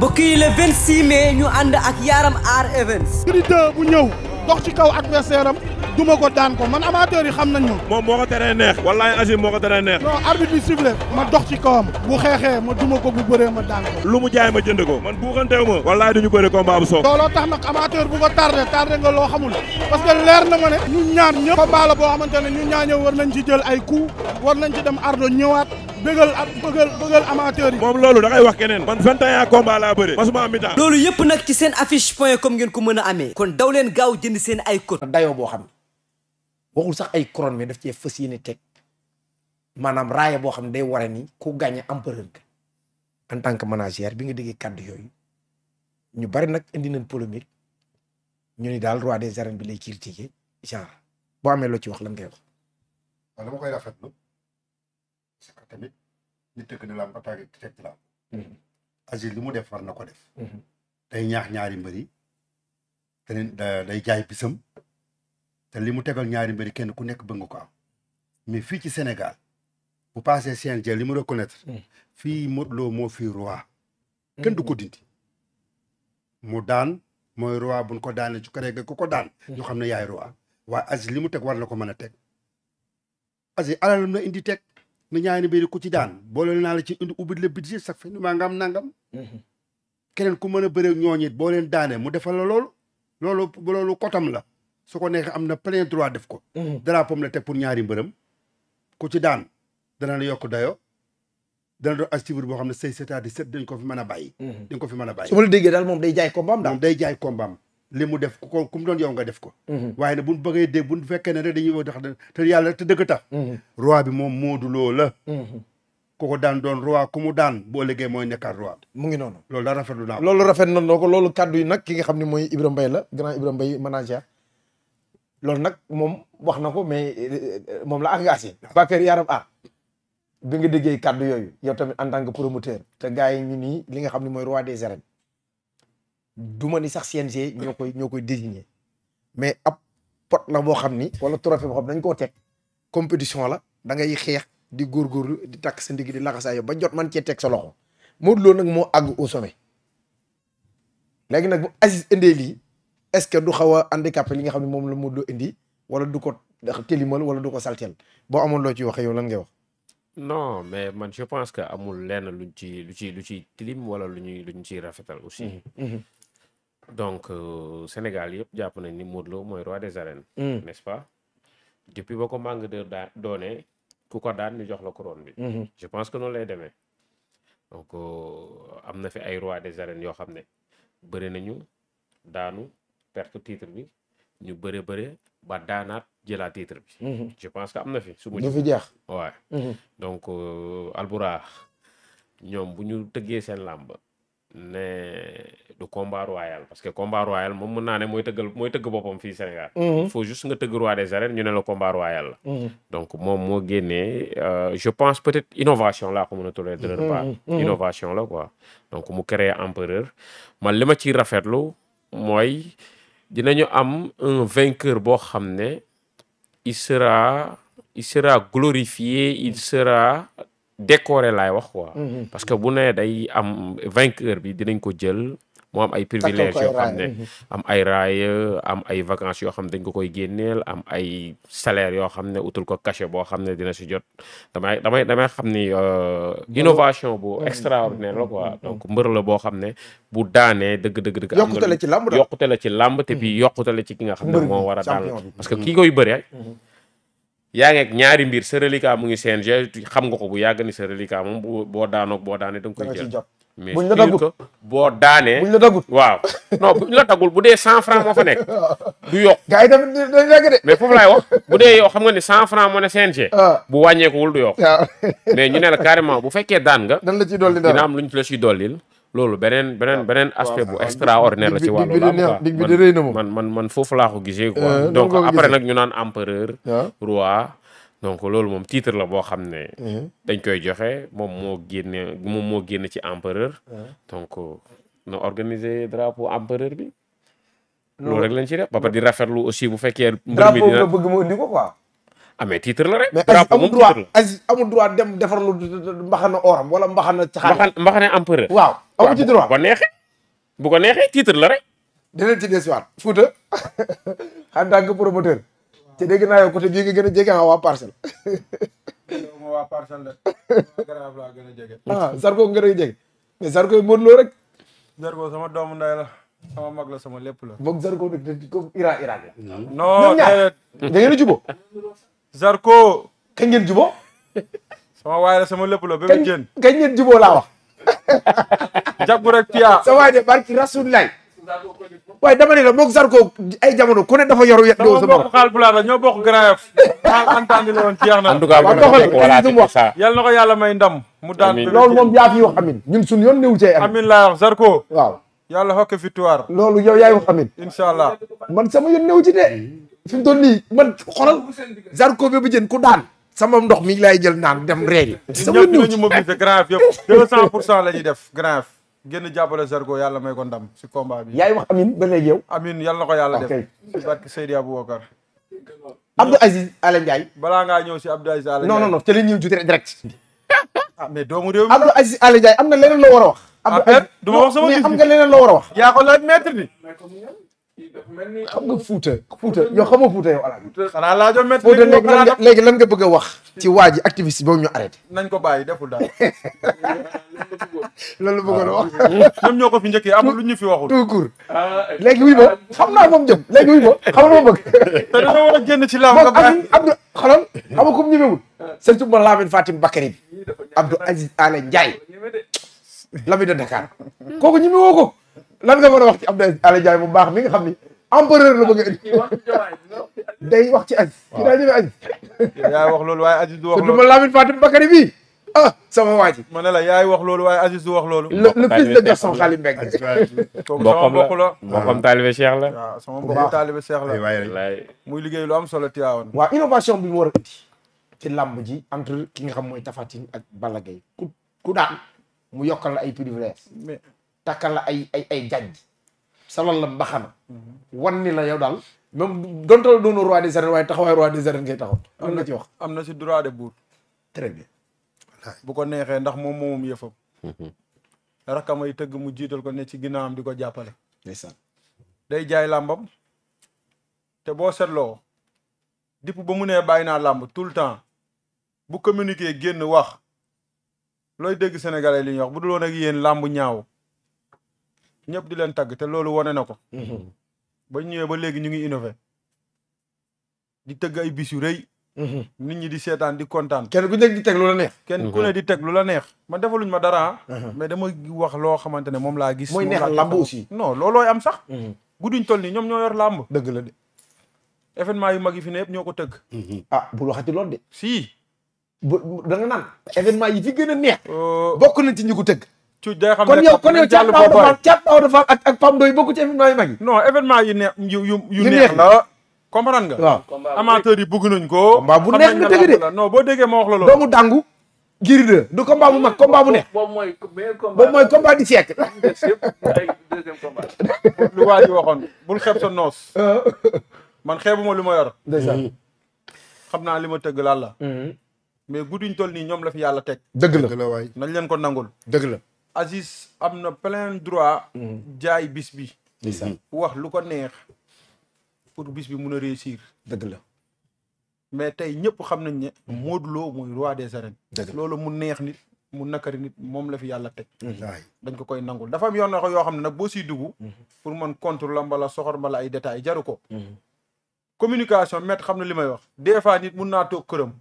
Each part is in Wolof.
mbokk yi le 26 mai ñu ànd ak Yaram Art Events. Gris bu ñëw dox ci kaw adversaire am duma ko daan ko man amateur yi xam nañ ma. moom moo ko teree neex. wallaahi Azim moo ko teree neex. non arbitre bi sifflé ma dox ci kawam. bu xeexee ma duma ko bu bëree ma daan ko. lu mu jaay ma jënd ko. man buuxanteew ma. wallaahi du ñu bëri combat bu soof. looloo tax nag amateur bu ko tardé nga loo xamul parce que leer na ma ne. ñu ñaar ñëpp. combat la boo xamante ne ñu ñaar ñëpp war nañ ci jël ay coups war nañ ci dem ardo bëggal ak bëggal amateur yi. moom loolu da wax keneen. man 21 combat laa bëre. masuma am mi-temps. loolu yëpp nag ci seen affiche point com ngeen ko mën a amee. kon daw leen gaaw jënd seen ay code. dayoo boo xam waxul sax ay couronne mais def cee fas yéene teg maanaam raaye boo xam ne day wara ni ku gagné empereur ga en tant que manager bi nga déggee kàddu yooyu ñu bari nag indi nañ polémique ñu ni daal roi de arènes bi lay critiquer genre boo amee loo ci wax lan ngay wax. waaw dama koy rafetlu. parce que tamit nit tëkk na làmb attaqué teg ci làmb mhm. Aziz mu def war na ko def mhm. day ñaax ñaari mbër yi te day jaay bisam te li mu tegal ñaari mbër yi kenn ku nekk bëgg ko am mais fii ci Sénégal bu passé CNG li mu reconnaître mhm. fii Modou Lo moo fii roi kenn du ko dindi mu daan mooy roi buñ ko daanee ci ko ku ko daan ñu xam ne yaay roi waaye Aziz li mu teg war na ko mën a teg Aziz alalam na indi teg nga ñaari mbir ku ci daan boole naa la ci indi ubbi le budget sax fi maa nga am nangam. Mhm. keneen ku mën a bëre ñooñu it boo leen daanee mu defal la loolu. loolu loolu kotam la su ko neexee am na plein droit def ko. Mhm. drapeau la teg pour ñaari mbërëm ku ci daan dana la yokk dayo dana doon activité boo xam ne say seetaat di set dañ ko fi mën a bàyyi. Mhm. dañ ko fi mën a bàyyi. su ma la déggee daal moom day jaay kombaam daal. day jaay kombaam. li mu def ko ku mu doon yow nga def ko mhm. waaye ne buñ bëggee dégg buñ fekkee ne rek dañuy wax te yàlla te dëgg tax mhm. roi bi moom Modou Lo la mhm. ku ko daan doon roi ku mu daan boo liggéey mooy nekka roi mu ngi noonu loolu da rafetlu naa ko loolu rafet na ko loolu kàddu yi nag ki nga xam ne mooy Ibrahima Mbaye la grand Ibrahima Mbaye manager loolu nag moom wax na ko mais euh, moom la engagé Bakary Yaram ah bi nga déggee kàddu yooyu yow tamit en tant que promoteur te gars yi ñu nii nga xam ne mooy roi des arènes du ma ni sax CNG ñoo koy ñoo koy désigner mais ab pot la boo xam ni wala trophée boo xam dañ koo teg compétition la da ngay xeex di góor góorgóorlu di takk sa ndigg di laxasaayo ba jot man cee teg sa loxo Modou Lo nag moo àgg au sommet léegi nag bu Aziz indee lii est-ce que du xaw a handicapé li nga xam ne moom la Modou Lo indi wala du ko tilimal wala du ko salteel boo amul loo ci waxee yow lan ngay wax non mais man je pense que amul lenn luñ ci lu ci lu ciy tilim wala lu ñuy lu ñu ciy rafetal aussi mhm. Mhm. donc euh, Sénégal yëpp jàpp nañ ni Modou Lo mooy roi des arènes. Mm. n'est-ce pas depuis ba ko màng de daa doonee ku ko daan ñu jox la couronne bi. Mm-hmm. je pense que noonu lay demee. donc euh, am na fi ay roi des arènes yoo xam ne bëri nañu daanu perte titre bi ñu bëre bëre ba daanaat jëlaat titre bi. Mm-hmm. je pense que am na fi. su ma fi jeex waaye mm-hmm. donc euh, Albourakh ñoom bu ñu tëggee seen làmb. ne du combat royal parce que combat royal moom mën naa ne mooy tëggal mooy tëgg boppam fii Sénégal. Mhm. il faut juste nga tëgg roi des arènes ñu ne la combat royal la. Mhm. donc moom moo génnee euh, je pense peut-être innovation la ko mën a tuddee de leur mhm. part. innovation la quoi donc mu créer empereur man li ma ciy rafetlu mooy dinañu am un vainqueur boo xam ne il sera il sera glorifié il sera décoré laay wax quoi. Mhm. parce que bu ne day am vainqueur bi dinañ ko jël. moo am ay privilèges yoo xam ne mhm. am ay raaya am ay vacances yoo xam ne dañ ko koy génneel am ay salaire yoo xam ne utul ko cachet boo xam ne dina si jot damay damay damay xam ni euh, innovation bu mhm. extraordinaire la quoi donc mbër la boo xam ne bu daanee dëgg dëgg dëgg yokkute la ci làmb yokkute la ci làmb te puis yokkute ci ki nga xam ne moo war a daan parce que kii koy bëre yaa ngeek ñaari mbir sa reliquat mu ngi CNG xam nga ko bu yàgg ni sa reliquat moom boo daanoog boo daane da nga koy jël mais buñ la daggul boo daanee buñ la daggul waaw non buñ la daggul bu dee cent franc moo fa nekk du yokk gars yi foofu laay wax bu dee yow xam nga ni cent franc moo ah. bu wàññeekuwul du yokk ah. mais ñu ne la carrément bu fekkee daan nga dañ la ciy dolli dina am luñ la ciy dollil loolu beneen beneen ah, beneen aspect bu ah, extraordinaire la ci wàllu làmb man man man foofu laa ko gisee quoi eh, donc après nag ñu naan empereur ah. roi donc loolu moom titre la boo xam ne eh. dañ koy joxe moom moo génne moom moo génn ci empereur donc euh, na organiser drapeau empereur bi loolu rek lañ ci def ba pare di rafetlu aussi bu fekkee mbir mi ah mais titre la rek. drapeau moom titre la mais Aziz mbaxana oram wala mbaxana. caxaan mbaxana empereur. waaw amu ci droit bu ko neexee. bu ko neexee titre la rek. danañ ci desuwaat Fouta en tant que promoteur. a jege ah waa parcelle. moom waa parcelle la. a jege. ah Zarko rek. Zarko sama doomu ndey la. sama mag la sama lépp la. boog Zarko eh. ngeen a jubóo. Zarko. kañ ngeen jubóo. sama waay la sama lépp la ba mu génn. kañ ngeen jubóo laa wax. jàpp rek Pia. sa waay de barki Rasulullah. waaye dama ne la moog Zarko ay jamono ko ne dafa yoru yet doo sama bokk xaal pulaar la ñoo bokk graaf xaal entendre la woon jeex na en tout cas yàlla na ko yàlla may ndam mu daan loolu moom yaa fi wax amin ñun suñu yoon néew cee amin laa Zarko waaw yàlla xokk victoire loolu yow yaay wax amin incha allah man sama yoon néew de fi mu toll nii man xoolal Zarko bi bu jën ku daan. sama ndox mi laay jël naan dem reeri. sama nuyu ñu mobiliser Grand Yoff yëpp pour cent la ñuy def Grand Yoff. génn jàppale Zarko yàlla may ko ndam si combat bi. yaay wax amin ba léegi yow. amin yàlla na ko yàlla def si barke Seydi Aboubacar. Abdou Aziz Ala Ndiaye. balaa ngaa ñëw si Abdou Aziz Ala Ndiaye. non non non te li ñëw direct. ah mais doomu réew mi. Abdou Aziz Ala am na leneen loo war a wax. Abdou ah, Aziz du ma wax sama mais am nga leneen loo war a wax. yaa ko laaj maître bi. xam nga Fouta. Fouta yow xam nga Fouta yow ala. xanaa laajoo métti Fouta léegi lan nga léegi lan nga bëgg a wax. ci waa ji activiste boobu ñu arrêté. nañ ko a wax. ñoom ñoo ko fi njëkkee amul lu ñu fi waxul. tout court ah, léegi wuy ma xam naa moom jëm léegi wuy ma xam na ma bëgg. te dañoo war a génn ci laaw nga bàyyi Abdou xolal xam nga comme ñëwewul. Ah. sëñ bi Abdou Aziz Alain Ndiaye. Lamine a Dakar kooku ñëwewoo ko. lan nga mën a wax ci Abdoulaye Alioune Ndiaye bu baax mi nga xam ni empereur la bëgg a indi day wax ci Aziz. waaw daa ñëwee Aziz. yaay wax loolu waaye Aziz du wax loolu surtout Lamine Fatim Bakary bii ah, waa ji. ma ne la yaay wax loolu waaye Aziz du wax loolu. le le fils de Gaston Xali Mbeng. bokkam la bokkam bokkam taalibe Cheikh la. waaw sama mbokku taalibe Cheikh la. muy liggéey lu solo Tivaouane. waaw innovation bi mu war ci làmb ji entre ki nga xam mooy Tapha ak Balla ku ku mu yokkal la ay privilèges. takkal la ay ay ay jàjj salal la mbaxana wan ni la yow daal même donte la doonu roi des arènes waaye taxawaay roi des arènes ngay taxaw am na ci wax am na si droit de buur très bien bu ko neexee ndax moom moomum yëfam mhm. rakamay tëgg mu jiital ko ne ci ginnaawam di ko jàppale ndeysaan day jaay làmbam te boo seetloo dipp ba mu nee bàyyi naa làmb tout le temps bu communiqué génn wax looy dégg sénégalais li ñuy wax bu dul woon ak yéen làmb ñaaw ñëpp di leen tagg te loolu wane na ko. Mhm. ba ñëwee ba léegi ñu ngi innové. di tëgg ay bis yu rëy. Mhm. nit ñi di seetaan di kontaan. kenn ku nekk di teg lu la neex. kenn ku ne di teg la neex. man defaluñ ma dara mhm. mais dama wax loo xamante ne moom laa gis. mooy neexal làmb aussi. non loolooy am sax. gudduñ toll nii ñoom ñoo yor làmb. dëgg la de. événement yu mag yi fi ne ñoo ko tëgg. ah bul waxati loolu de. si. bu da naan événement yi fi gën a neex. Euh, bokk nañ ci ñi ko tëgg. tuuj day xam kon yow kon yow Thiat Awa Fall Thiat Awa Fall ak ak Pam Doy yu mag yi. yu yu neex la. comprendre nga. waaw amateur yi bëgg nañ ko. combat bu neex nga dëgg boo déggee ma wax la loolu. doomu dàngu. giri de du combat bu mag combat bu neex. boobu mooy boobu mooy combat du siècle. lu waa ji waxoon bul xeeb sa noos. Ah. man xeebuma lu ma yor. ndeysaan hmm. xam naa li ma tëgg laal la. Hmm. mais guddiñ tol nii ñoom la fi yàlla teg. dëgg la dëgg la waay nañ leen ko nangul dëgg la. Aziz am na plein droit. Mhm. jaay bis bi. wax lu ko neex pour bis bi mun a réussir. dëgg la mais tey ñëpp xam nañ ne. Modou Lo mooy roi des arènes. loolu mu neex nit mu nakari nit moom la fi yàlla teg. dañ ko koy nangul dafa am yoon na yoo xam ne nag boo siy dugg. Mhm. pour man contre la mbala soxor mbala ay détails jaru ko. Mhm. communication maître xam na li may wax des nit mun naa toog këram.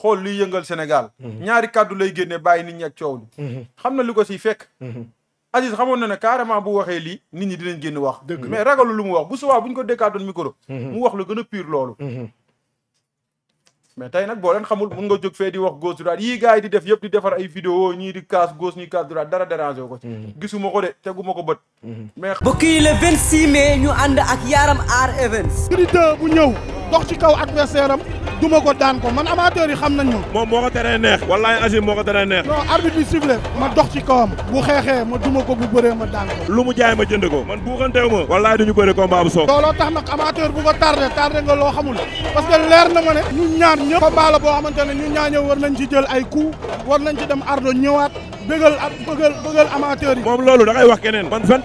xool luy yëngal Sénégal. Mhm. ñaari kàddu lay génne bàyyi nit ñi ak coow li. Mhm. xam na lu ko si fekk. Mhm. Aziz xamoon na ne carrément bu waxee lii nit ñi dinañ génn wax. mais ragalu lu mu wax bu subaa bu ñu ko dékkaatoon mu wax lu gën a piir loolu. mais tey nag boo leen xamul mun nga jóg fee di wax gauche droite yi gars yi di def yëpp di defar ay vidéo ñii di kaas gauche ñii kaas droite dara dérangé ko ci gisuma ko de teguma ko bët mais mbokk la le 26 ñu ànd ak Yaram Art Events. Gris 2 bu ñëw dox ci duma ko daan ko man amateur yi xam nañ moom moo ko teree neex. walaay Azim moo ko teree neex. non arbitre bi sifflé ma dox ci kawam. bu xeexee ma duma ko bu bëree ma daan ko. lu mu jaay ma jënd ko. man buuxanteewu ma. walaay duñu bëri combat bu soog. looloo tax nag amateur bu ko tardé nga loo xamul parce que leer na ma ne. ñu ñaar ñëpp. combat la boo xamante ne ñu ñaar war nañ ci jël ay coups war nañ ci dem ardo ñëwaat. bëggal ak yi. moom loolu da ngay wax keneen. man 21